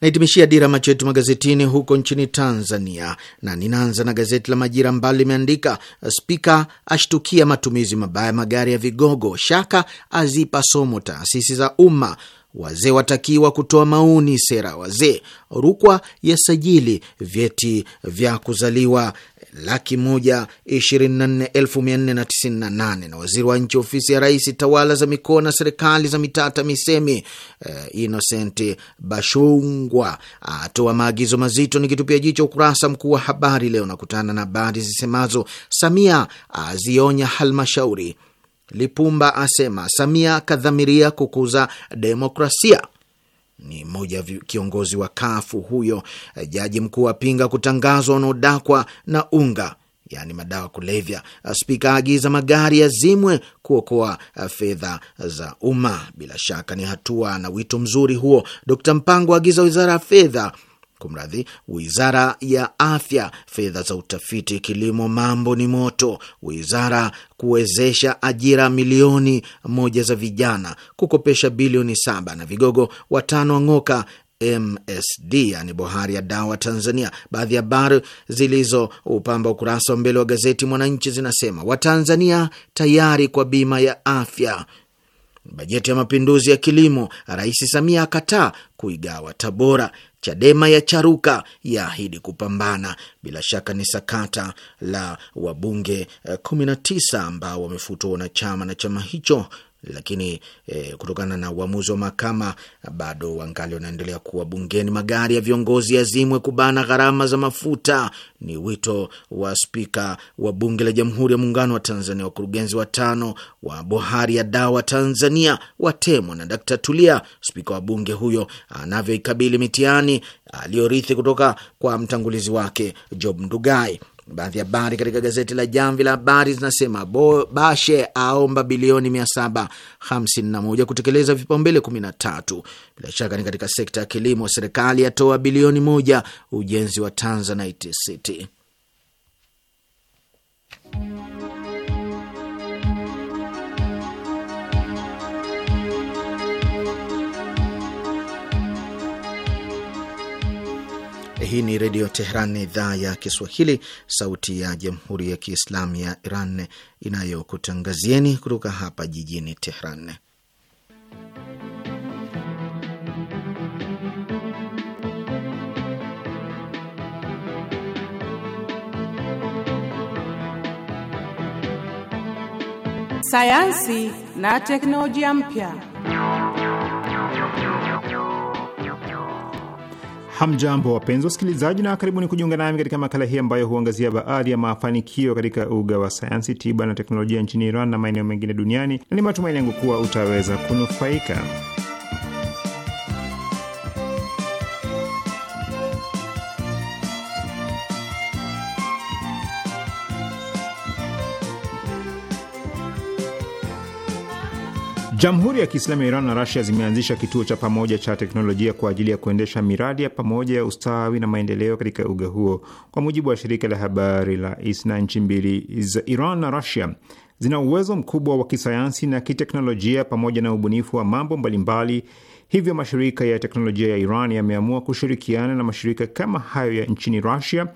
Naitimishia dira macho yetu magazetini huko nchini Tanzania, na ninaanza na gazeti la Majira ambalo limeandika spika ashtukia matumizi mabaya magari ya vigogo, shaka azipa somo taasisi za umma, wazee watakiwa kutoa maoni, sera wazee, Rukwa yasajili vyeti vya kuzaliwa laki moja ishirini na nne elfu mia nne na tisini na nane na waziri wa nchi ofisi ya rais tawala za mikoa na serikali za mitaa TAMISEMI eh, Innocent Bashungwa atoa maagizo mazito. Ni kitupia jicho ukurasa mkuu wa habari leo, nakutana na habari zisemazo Samia azionya halmashauri. Lipumba asema Samia kadhamiria kukuza demokrasia ni mmoja kiongozi wa kafu huyo. Eh, jaji mkuu apinga kutangazwa wanaodakwa na unga, yaani madawa kulevya. Eh, spika aagiza magari yazimwe kuokoa eh, fedha za umma. Bila shaka ni hatua na wito mzuri huo. Dkt Mpango aagiza wizara ya fedha kumradhi, wizara ya afya, fedha za utafiti, kilimo, mambo ni moto, wizara kuwezesha ajira milioni moja za vijana, kukopesha bilioni saba na vigogo watano wang'oka MSD yani bohari ya dawa Tanzania. Baadhi ya habari upamba ukurasa wa mbele wa gazeti Mwananchi zinasema Watanzania tayari kwa bima ya afya, Bajeti ya mapinduzi ya kilimo, Rais Samia akataa kuigawa Tabora. Chadema ya charuka yaahidi kupambana. Bila shaka ni sakata la wabunge 19 eh, ambao wamefutwa wanachama na chama hicho lakini e, kutokana na uamuzi wa mahakama bado wangali wanaendelea kuwa bungeni. Magari ya viongozi yazimwe kubana gharama za mafuta, ni wito wa spika wa bunge la Jamhuri ya Muungano wa Tanzania. Wakurugenzi watano wa bohari ya dawa Tanzania watemwa na Dkt Tulia, spika wa bunge huyo anavyoikabili mitihani aliyorithi kutoka kwa mtangulizi wake Job Ndugai. Baadhi ya habari katika gazeti la Jamvi la Habari zinasema Bashe aomba bilioni 751 kutekeleza vipaumbele 13. Bila shaka ni katika sekta ya kilimo, serikali yatoa bilioni moja ujenzi wa Tanzanite City. Hii ni Redio Teheran, idhaa ya Kiswahili, sauti ya Jamhuri ya Kiislamu ya Iran inayokutangazieni kutoka hapa jijini Teheran. Sayansi na teknolojia mpya. Hamjambo, wapenzi wasikilizaji, na karibuni kujiunga nami katika makala hii ambayo huangazia baadhi ya mafanikio katika uga wa sayansi, tiba na teknolojia nchini Iran na maeneo mengine duniani, na ni matumaini yangu kuwa utaweza kunufaika. Jamhuri ya Kiislamu ya Iran na Rasia zimeanzisha kituo cha pamoja cha teknolojia kwa ajili ya kuendesha miradi ya pamoja ya ustawi na maendeleo katika uga huo. Kwa mujibu wa shirika la habari la ISNA, nchi mbili za Iran na Rasia zina uwezo mkubwa wa kisayansi na kiteknolojia pamoja na ubunifu wa mambo mbalimbali. Hivyo mashirika ya teknolojia ya Iran yameamua kushirikiana na mashirika kama hayo ya nchini Rasia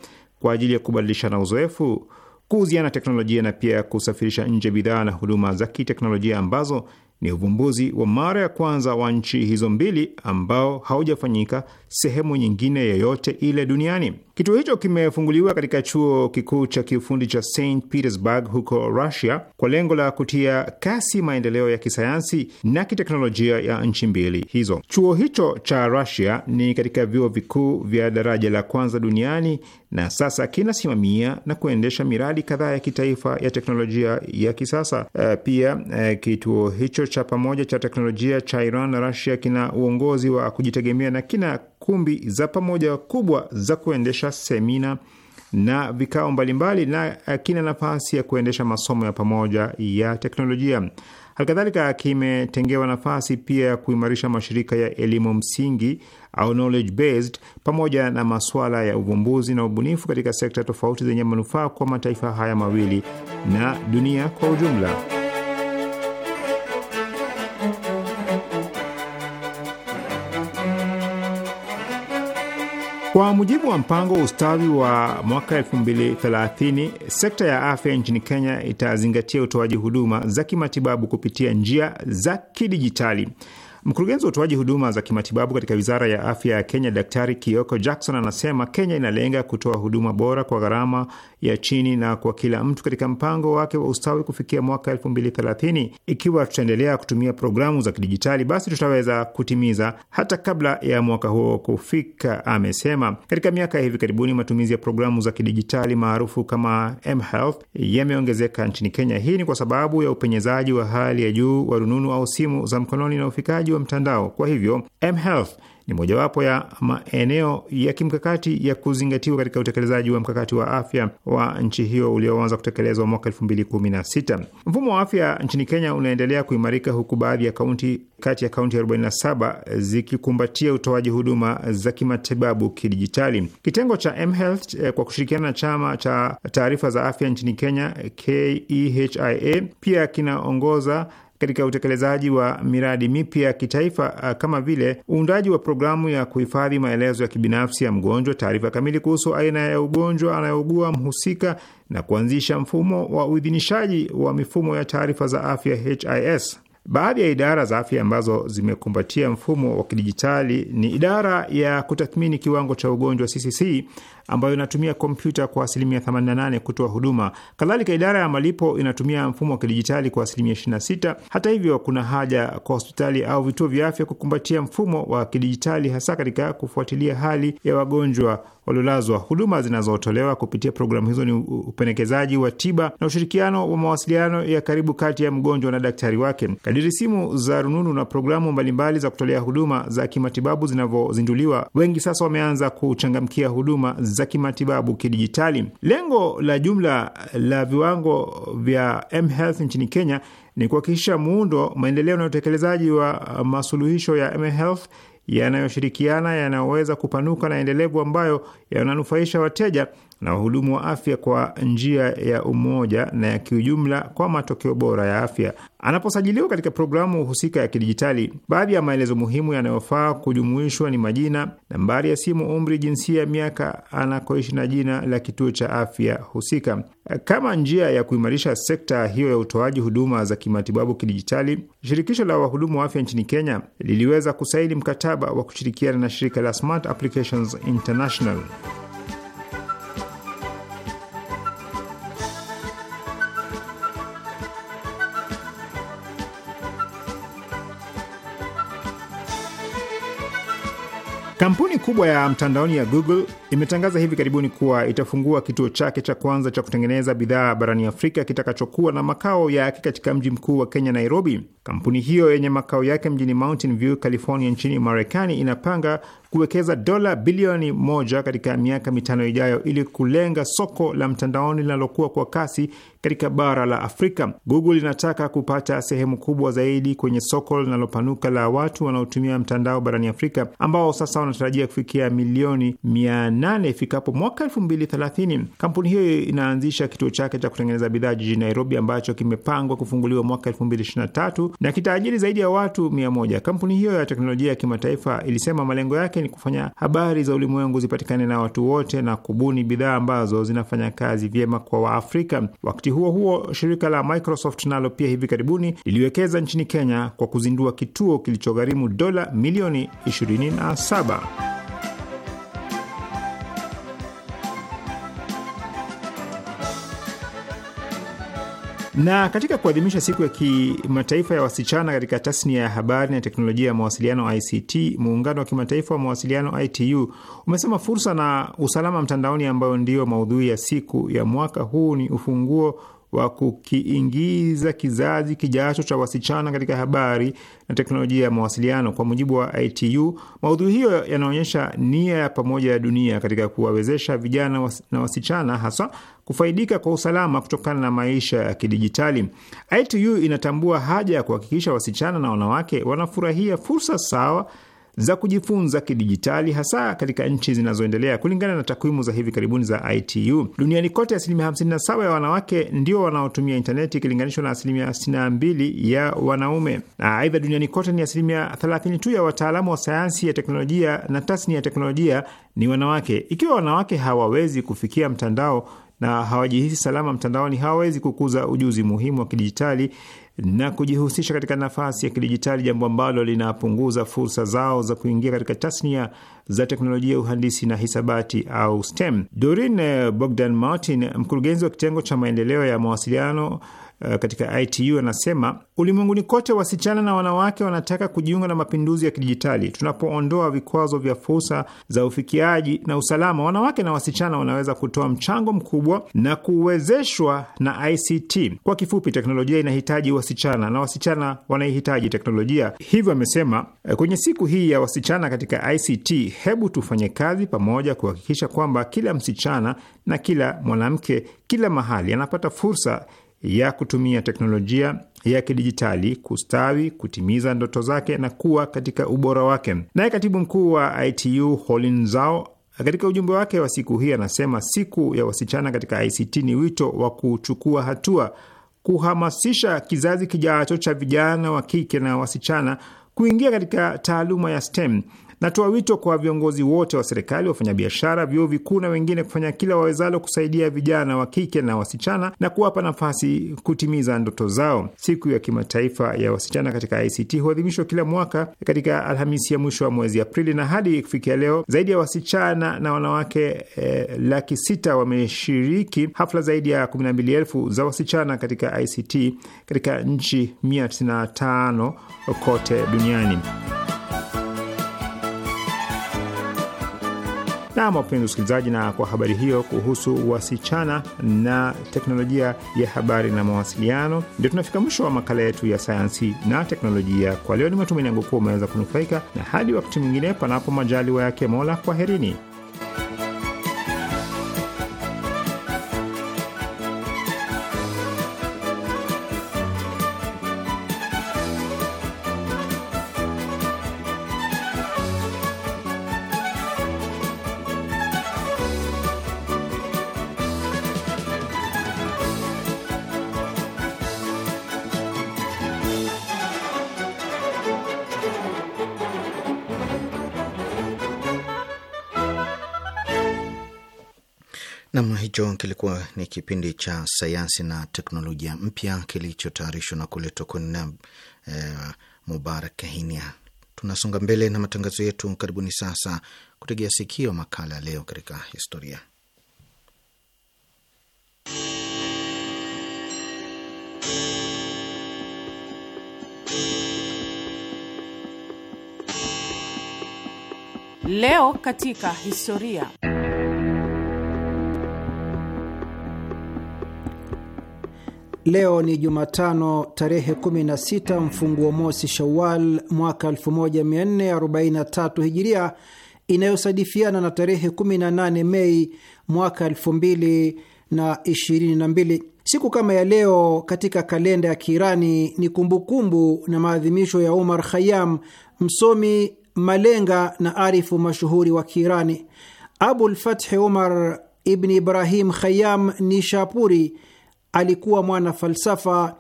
kwa ajili ya kubadilishana uzoefu, kuuziana teknolojia na pia kusafirisha nje bidhaa na huduma za kiteknolojia ambazo ni uvumbuzi wa mara ya kwanza wa nchi hizo mbili ambao haujafanyika sehemu nyingine yoyote ile duniani. Kituo hicho kimefunguliwa katika chuo kikuu cha kiufundi cha St Petersburg huko Russia kwa lengo la kutia kasi maendeleo ya kisayansi na kiteknolojia ya nchi mbili hizo. Chuo hicho cha Russia ni katika vyuo vikuu vya daraja la kwanza duniani na sasa kinasimamia na kuendesha miradi kadhaa ya kitaifa ya teknolojia ya kisasa. Eh, pia eh, kituo hicho cha pamoja cha teknolojia cha Iran na Russia kina uongozi wa kujitegemea na kina kumbi za pamoja kubwa za kuendesha semina na vikao mbalimbali na kina nafasi ya kuendesha masomo ya pamoja ya teknolojia. Halikadhalika, kimetengewa nafasi pia ya kuimarisha mashirika ya elimu msingi au knowledge based, pamoja na masuala ya uvumbuzi na ubunifu katika sekta tofauti zenye manufaa kwa mataifa haya mawili na dunia kwa ujumla. Kwa mujibu wa mpango wa ustawi wa mwaka 2030 sekta ya afya nchini Kenya itazingatia utoaji huduma za kimatibabu kupitia njia za kidijitali. Mkurugenzi wa utoaji huduma za kimatibabu katika wizara ya afya ya Kenya, Daktari Kioko Jackson, anasema Kenya inalenga kutoa huduma bora kwa gharama ya chini na kwa kila mtu katika mpango wake wa ustawi kufikia mwaka 2030. Ikiwa tutaendelea kutumia programu za kidijitali, basi tutaweza kutimiza hata kabla ya mwaka huo kufika, amesema. Katika miaka ya hivi karibuni, matumizi ya programu za kidijitali maarufu kama mHealth yameongezeka nchini Kenya. Hii ni kwa sababu ya upenyezaji wa hali ya juu wa rununu au simu za mkononi na ufikaji wa mtandao. Kwa hivyo mHealth ni mojawapo ya maeneo ya kimkakati ya kuzingatiwa katika utekelezaji wa mkakati wa afya wa nchi hiyo ulioanza kutekelezwa mwaka elfu mbili kumi na sita. Mfumo wa afya nchini Kenya unaendelea kuimarika huku baadhi ya kaunti kati ya kaunti 47 zikikumbatia utoaji huduma za kimatibabu kidijitali. Kitengo cha mHealth eh, kwa kushirikiana na chama cha taarifa za afya nchini Kenya KEHIA pia kinaongoza katika utekelezaji wa miradi mipya ya kitaifa uh, kama vile uundaji wa programu ya kuhifadhi maelezo ya kibinafsi ya mgonjwa, taarifa kamili kuhusu aina ya ugonjwa anayougua mhusika, na kuanzisha mfumo wa uidhinishaji wa mifumo ya taarifa za afya HIS. Baadhi ya idara za afya ambazo zimekumbatia mfumo wa kidijitali ni idara ya kutathmini kiwango cha ugonjwa CCC ambayo inatumia kompyuta kwa asilimia 88 kutoa huduma. Kadhalika, idara ya malipo inatumia mfumo wa kidijitali kwa asilimia 26. Hata hivyo, kuna haja kwa hospitali au vituo vya afya kukumbatia mfumo wa kidijitali, hasa katika kufuatilia hali ya wagonjwa waliolazwa. Huduma zinazotolewa kupitia programu hizo ni upendekezaji wa tiba na ushirikiano wa mawasiliano ya karibu kati ya mgonjwa na daktari wake. Kadiri simu za rununu na programu mbalimbali za kutolea huduma za kimatibabu zinavyozinduliwa, wengi sasa wameanza kuchangamkia huduma za kimatibabu kidijitali. Lengo la jumla la viwango vya mHealth nchini Kenya ni kuhakikisha muundo, maendeleo na utekelezaji wa uh, masuluhisho ya mHealth yanayoshirikiana, yanayoweza kupanuka na endelevu, ambayo yananufaisha wateja na wahudumu wa afya kwa njia ya umoja na ya kiujumla kwa matokeo bora ya afya. Anaposajiliwa katika programu husika ya kidijitali, baadhi ya maelezo muhimu yanayofaa kujumuishwa ni majina, nambari ya simu, umri, jinsia, miaka anakoishi na jina la kituo cha afya husika. Kama njia ya kuimarisha sekta hiyo ya utoaji huduma za kimatibabu kidijitali, shirikisho la wahudumu wa afya nchini Kenya liliweza kusaini mkataba wa kushirikiana na shirika la Smart Applications International. Kampuni kubwa ya mtandaoni ya Google imetangaza hivi karibuni kuwa itafungua kituo chake cha kwanza cha kutengeneza bidhaa barani Afrika kitakachokuwa na makao yake katika mji mkuu wa Kenya, Nairobi. Kampuni hiyo yenye makao yake mjini Mountain View, California, nchini Marekani inapanga kuwekeza dola bilioni moja katika miaka mitano ijayo ili kulenga soko la mtandaoni linalokuwa kwa kasi katika bara la Afrika. Google inataka kupata sehemu kubwa zaidi kwenye soko linalopanuka la watu wanaotumia mtandao barani Afrika, ambao sasa wanatarajia kufikia milioni 800 ifikapo mwaka 2030. Kampuni hiyo inaanzisha kituo chake cha kutengeneza bidhaa jijini Nairobi ambacho kimepangwa kufunguliwa mwaka 2023 na kitaajiri zaidi ya watu 100. Kampuni hiyo ya teknolojia ya kimataifa ilisema malengo yake ni kufanya habari za ulimwengu zipatikane na watu wote na kubuni bidhaa ambazo zinafanya kazi vyema kwa Waafrika. Wakati huo huo, shirika la Microsoft nalo pia hivi karibuni liliwekeza nchini Kenya kwa kuzindua kituo kilichogharimu dola milioni 27. Na katika kuadhimisha siku ya kimataifa ya wasichana katika tasnia ya habari na teknolojia ya mawasiliano ICT, muungano wa kimataifa wa mawasiliano ITU umesema fursa na usalama mtandaoni, ambayo ndiyo maudhui ya siku ya mwaka huu, ni ufunguo wa kukiingiza kizazi kijacho cha wasichana katika habari na teknolojia ya mawasiliano. Kwa mujibu wa ITU, maudhui hiyo yanaonyesha nia ya pamoja ya dunia katika kuwawezesha vijana na wasichana, haswa kufaidika kwa usalama kutokana na maisha ya kidijitali. ITU inatambua haja ya kuhakikisha wasichana na wanawake wanafurahia fursa sawa za kujifunza kidijitali hasa katika nchi zinazoendelea. Kulingana na takwimu za hivi karibuni za ITU, duniani kote asilimia 57 ya wanawake ndio wanaotumia intaneti ikilinganishwa na asilimia 62 ya wanaume. Aidha, duniani kote ni asilimia 30 tu ya wataalamu wa sayansi ya teknolojia na tasnia ya teknolojia ni wanawake. Ikiwa wanawake hawawezi kufikia mtandao na hawajihisi salama mtandaoni, hawawezi kukuza ujuzi muhimu wa kidijitali na kujihusisha katika nafasi ya kidijitali, jambo ambalo linapunguza fursa zao za kuingia katika tasnia za teknolojia, uhandisi na hisabati au STEM. Dorin eh, Bogdan Martin, mkurugenzi wa kitengo cha maendeleo ya mawasiliano Eh, katika ITU anasema ulimwenguni kote wasichana na wanawake wanataka kujiunga na mapinduzi ya kidijitali. Tunapoondoa vikwazo vya fursa za ufikiaji na usalama, wanawake na wasichana wanaweza kutoa mchango mkubwa na kuwezeshwa na ICT. Kwa kifupi, teknolojia inahitaji wasichana na wasichana wanaihitaji teknolojia. Hivyo amesema eh, kwenye siku hii ya wasichana katika ICT, hebu tufanye kazi pamoja kuhakikisha kwamba kila msichana na kila mwanamke kila mahali anapata fursa ya kutumia teknolojia ya kidijitali kustawi, kutimiza ndoto zake na kuwa katika ubora wake. Naye katibu mkuu wa ITU Holin Zao katika ujumbe wake wa siku hii anasema siku ya wasichana katika ICT ni wito wa kuchukua hatua, kuhamasisha kizazi kijacho cha vijana wa kike na wasichana kuingia katika taaluma ya STEM Natoa wito kwa viongozi wote wa serikali, wafanyabiashara, vyuo vikuu na wengine kufanya kila wawezalo kusaidia vijana wa kike na wasichana na kuwapa nafasi kutimiza ndoto zao. Siku ya kimataifa ya wasichana katika ICT huadhimishwa kila mwaka katika Alhamisi ya mwisho wa mwezi Aprili, na hadi kufikia leo zaidi ya wasichana na wanawake eh, laki sita wameshiriki hafla zaidi ya elfu za wasichana katika ICT katika nchi 195 kote duniani. na wapenzi usikilizaji, na kwa habari hiyo kuhusu wasichana na teknolojia ya habari na mawasiliano, ndio tunafika mwisho wa makala yetu ya sayansi na teknolojia kwa leo. Ni matumaini yangu kuwa umeweza kunufaika, na hadi wakati mwingine, panapo majaliwa yake Mola, kwaherini. ni kipindi cha sayansi na teknolojia mpya kilichotayarishwa na kuletwa kwenu eh, Mubarak Hinia. Tunasonga mbele na matangazo yetu. Karibuni sasa kutegea sikio makala ya leo katika historia. Leo katika historia Leo ni Jumatano tarehe 16 mfunguo mosi Shawal mwaka 1443 Hijiria, inayosadifiana na tarehe 18 Mei mwaka 2022. Siku kama ya leo katika kalenda ya Kiirani ni kumbukumbu kumbu na maadhimisho ya umar khayam msomi malenga na arifu mashuhuri wa Kiirani. Abul Fathi ibni Ibrahim khayam ni shapuri alikuwa mwana falsafa,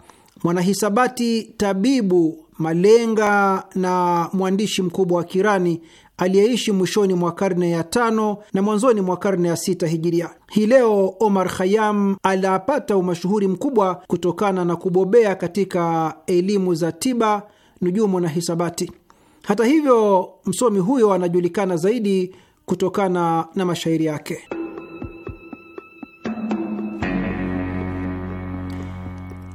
mwanahisabati, tabibu, malenga na mwandishi mkubwa wa Kirani aliyeishi mwishoni mwa karne ya tano na mwanzoni mwa karne ya sita hijiria. Hii leo Omar Khayam alapata umashuhuri mkubwa kutokana na kubobea katika elimu za tiba, nujumu na hisabati. Hata hivyo, msomi huyo anajulikana zaidi kutokana na mashairi yake.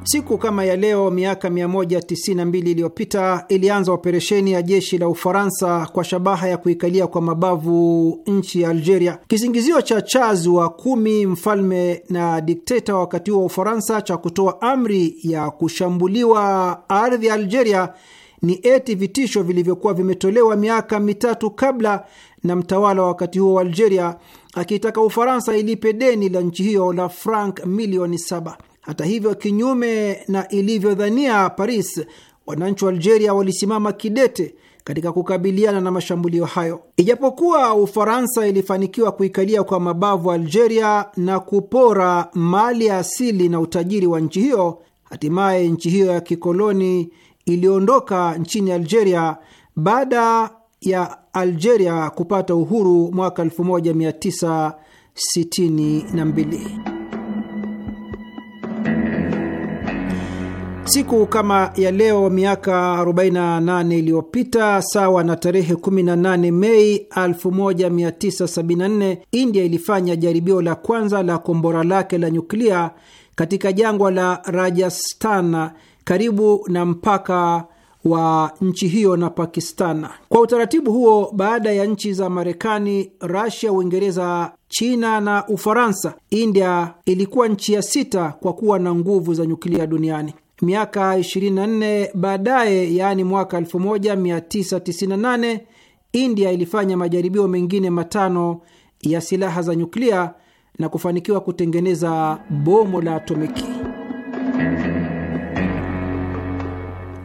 Siku kama ya leo miaka 192 iliyopita ilianza operesheni ya jeshi la Ufaransa kwa shabaha ya kuikalia kwa mabavu nchi ya Algeria. Kisingizio cha Charles wa kumi, mfalme na dikteta wakati huo wa Ufaransa, cha kutoa amri ya kushambuliwa ardhi ya Algeria ni eti vitisho vilivyokuwa vimetolewa miaka mitatu kabla na mtawala wa wakati huo wa Algeria akitaka Ufaransa ilipe deni la nchi hiyo la frank milioni saba. Hata hivyo, kinyume na ilivyodhania Paris, wananchi wa Algeria walisimama kidete katika kukabiliana na mashambulio hayo. Ijapokuwa Ufaransa ilifanikiwa kuikalia kwa mabavu Algeria na kupora mali ya asili na utajiri wa nchi hiyo, hatimaye nchi hiyo ya kikoloni iliondoka nchini Algeria baada ya Algeria kupata uhuru mwaka 1962. Siku kama ya leo miaka 48 iliyopita, sawa na tarehe 18 Mei 1974, India ilifanya jaribio la kwanza la kombora lake la nyuklia katika jangwa la Rajasthan karibu na mpaka wa nchi hiyo na Pakistan. Kwa utaratibu huo, baada ya nchi za Marekani, Rasia, Uingereza, China na Ufaransa, India ilikuwa nchi ya sita kwa kuwa na nguvu za nyuklia duniani. Miaka 24 baadaye, yaani mwaka 1998, India ilifanya majaribio mengine matano ya silaha za nyuklia na kufanikiwa kutengeneza bomu la atomiki.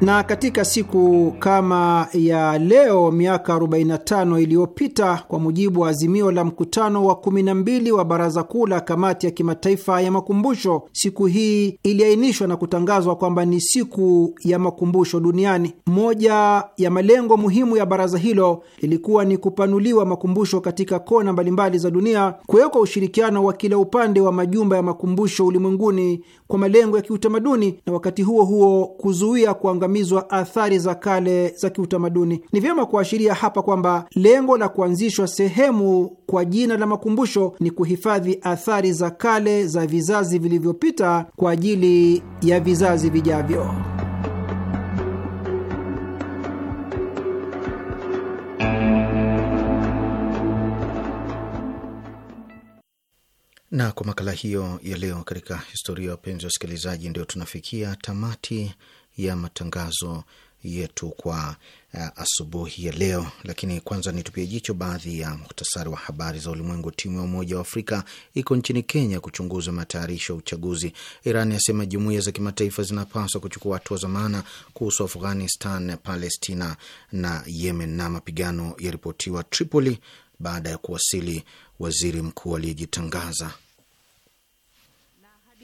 Na katika siku kama ya leo miaka 45 iliyopita, kwa mujibu wa azimio la mkutano wa 12 wa Baraza Kuu la Kamati ya Kimataifa ya Makumbusho, siku hii iliainishwa na kutangazwa kwamba ni siku ya makumbusho duniani. Moja ya malengo muhimu ya baraza hilo lilikuwa ni kupanuliwa makumbusho katika kona mbalimbali za dunia, kuwekwa ushirikiano wa kila upande wa majumba ya makumbusho ulimwenguni kwa malengo ya kiutamaduni, na wakati huo huo kuzuia kuanga kuangamizwa athari za kale za kiutamaduni. Ni vyema kuashiria hapa kwamba lengo la kuanzishwa sehemu kwa jina la makumbusho ni kuhifadhi athari za kale za vizazi vilivyopita kwa ajili ya vizazi vijavyo. Na kwa makala hiyo ya leo katika historia, wapenzi wasikilizaji, ndio tunafikia tamati ya matangazo yetu kwa uh, asubuhi ya leo, lakini kwanza nitupie jicho baadhi ya muhtasari wa habari za ulimwengu. Timu ya Umoja wa Afrika iko nchini Kenya kuchunguza matayarisho ya uchaguzi. Iran yasema jumuiya za kimataifa zinapaswa kuchukua hatua za maana kuhusu Afghanistan, Palestina na Yemen. Na mapigano yaripotiwa Tripoli baada ya kuwasili waziri mkuu aliyejitangaza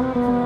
Thank you.